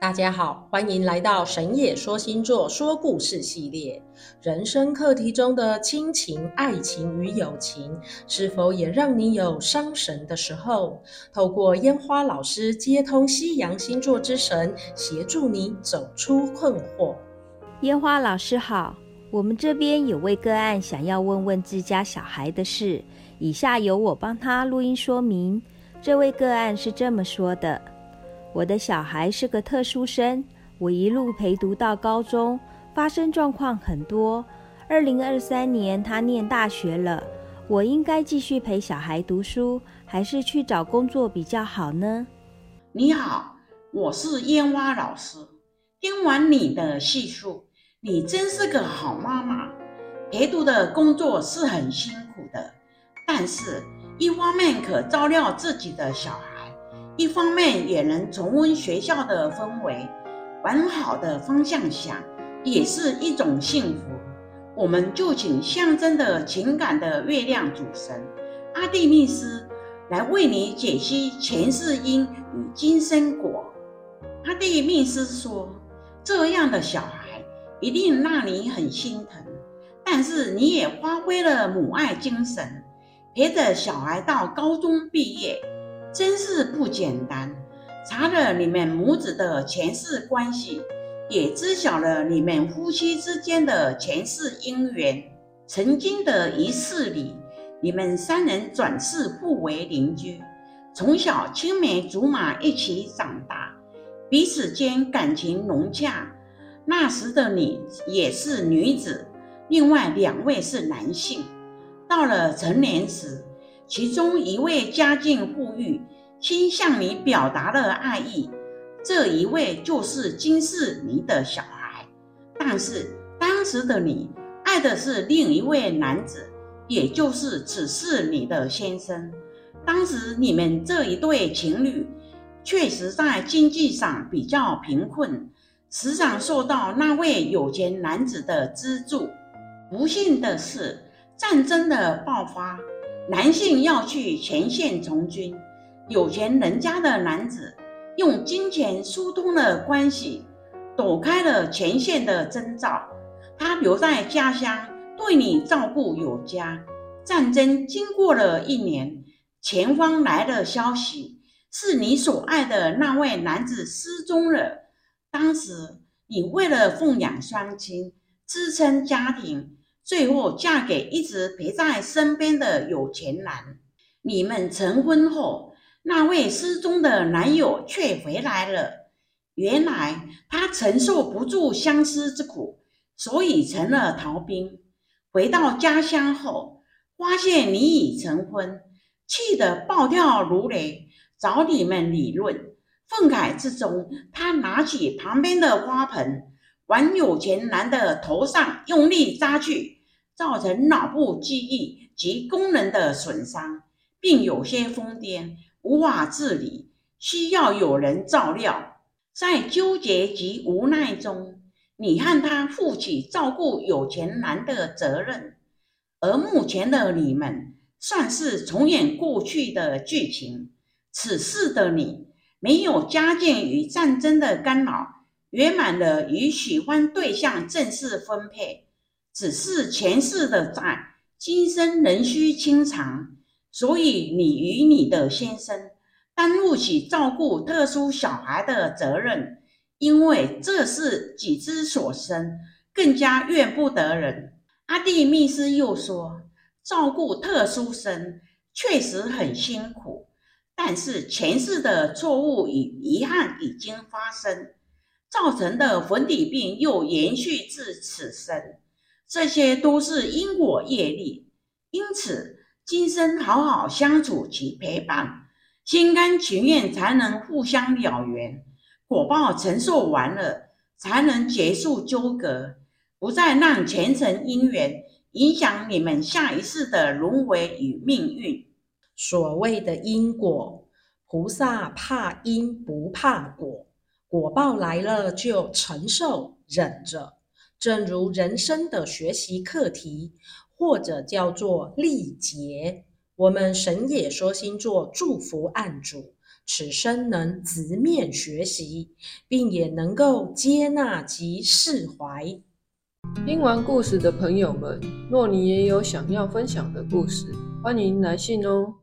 大家好，歡迎來到神野說星座說故事系列。人生課題中的親情、愛情與友情，是否也讓你有傷神的時候？透過煙花老師接通西洋星座之神，協助你走出困惑。煙花老師好，我們這邊有位個案想要問問自家小孩的事，以下由我幫他錄音說明。這位個案是這麼說的。我的小孩是個特殊生，我一路陪讀到高中，發生狀況很多。二零二三年他念大學了，我應該繼續陪小孩讀書，還是去找工作比較好呢？你好，我是神野老師。聽完你的敘述，你真是個好媽媽。陪讀的工作是很辛苦的，但是一方面可照料自己的小孩。一方面也能重溫學校的氛圍，往好的方向想，也是一種幸福。我們就請象徵著情感的月亮主神阿蒂密斯來為你解析前世因與今生果。阿蒂密斯說：“這樣的小孩一定讓你很心疼，但是你也發揮了母愛精神，陪着小孩到高中畢業。”真是不簡單，查了你們母子的前世關係，也知曉了你們夫妻之間的前世姻緣。曾經的一世裡，你們三人轉世互為鄰居，從小青梅竹馬一起長大，彼此間感情融洽。那時的你也是女子，另外兩位是男性。到了成年時，其中一位家境富裕，先向你表達了愛意，這一位就是今世你的小孩。但是當時的你愛的是另一位男子，也就是此時你的先生。當時你們這一對情侶確實在經濟上比較貧困，時常受到那位有錢男子的資助。不幸的是，戰爭的爆發。男性要去前線從軍，有錢人家的男子用金錢疏通了關係，躲開了前線的徵召。他留在家鄉，對你照顧有加。戰爭經過了一年，前方來了消息，是你所愛的那位男子失蹤了。當時你為了奉養雙親，支撐家庭。最後嫁給一直陪在身邊的有錢男。你們成婚後，那位失蹤的男友卻回來了。原來他承受不住相思之苦，所以成了逃兵。回到家鄉後，發現你已成婚，氣得暴跳如雷，找你們理論。憤慨之中，他拿起旁邊的花盆，往有錢男的頭上用力砸去。造成腦部記憶及功能的損傷，並有些瘋癲，無法自理，需要有人照料。在糾結及無奈中，你和他負起照顧有錢男的責任，而目前的你們算是重演過去的劇情。此時的你沒有家境與戰爭的干擾，圓滿了與喜歡對象正式分配。只是前世的債，今生仍需清償。所以你與你的先生，擔負起照顧特殊小孩的責任，因為這是己之所生，更加怨不得人。阿蒂密斯又說：“照顧特殊生確實很辛苦，但是前世的錯誤與遺憾已經發生，造成的粉底病又延續至此生。”這些都是因果業力，因此今生好好相處及陪伴，心甘情願才能互相了緣，果報承受完了，才能結束糾葛，不再讓前塵因緣影響你們下一世的輪回與命運。所謂的因果，菩薩怕因不怕果，果報來了就承受忍着。正如人生的學習課題，或者叫做歷劫，我們神野說星座祝福案主，此生能直面學習，並也能夠接納及釋懷。聽完故事的朋友們，若你也有想要分享的故事，歡迎來信哦。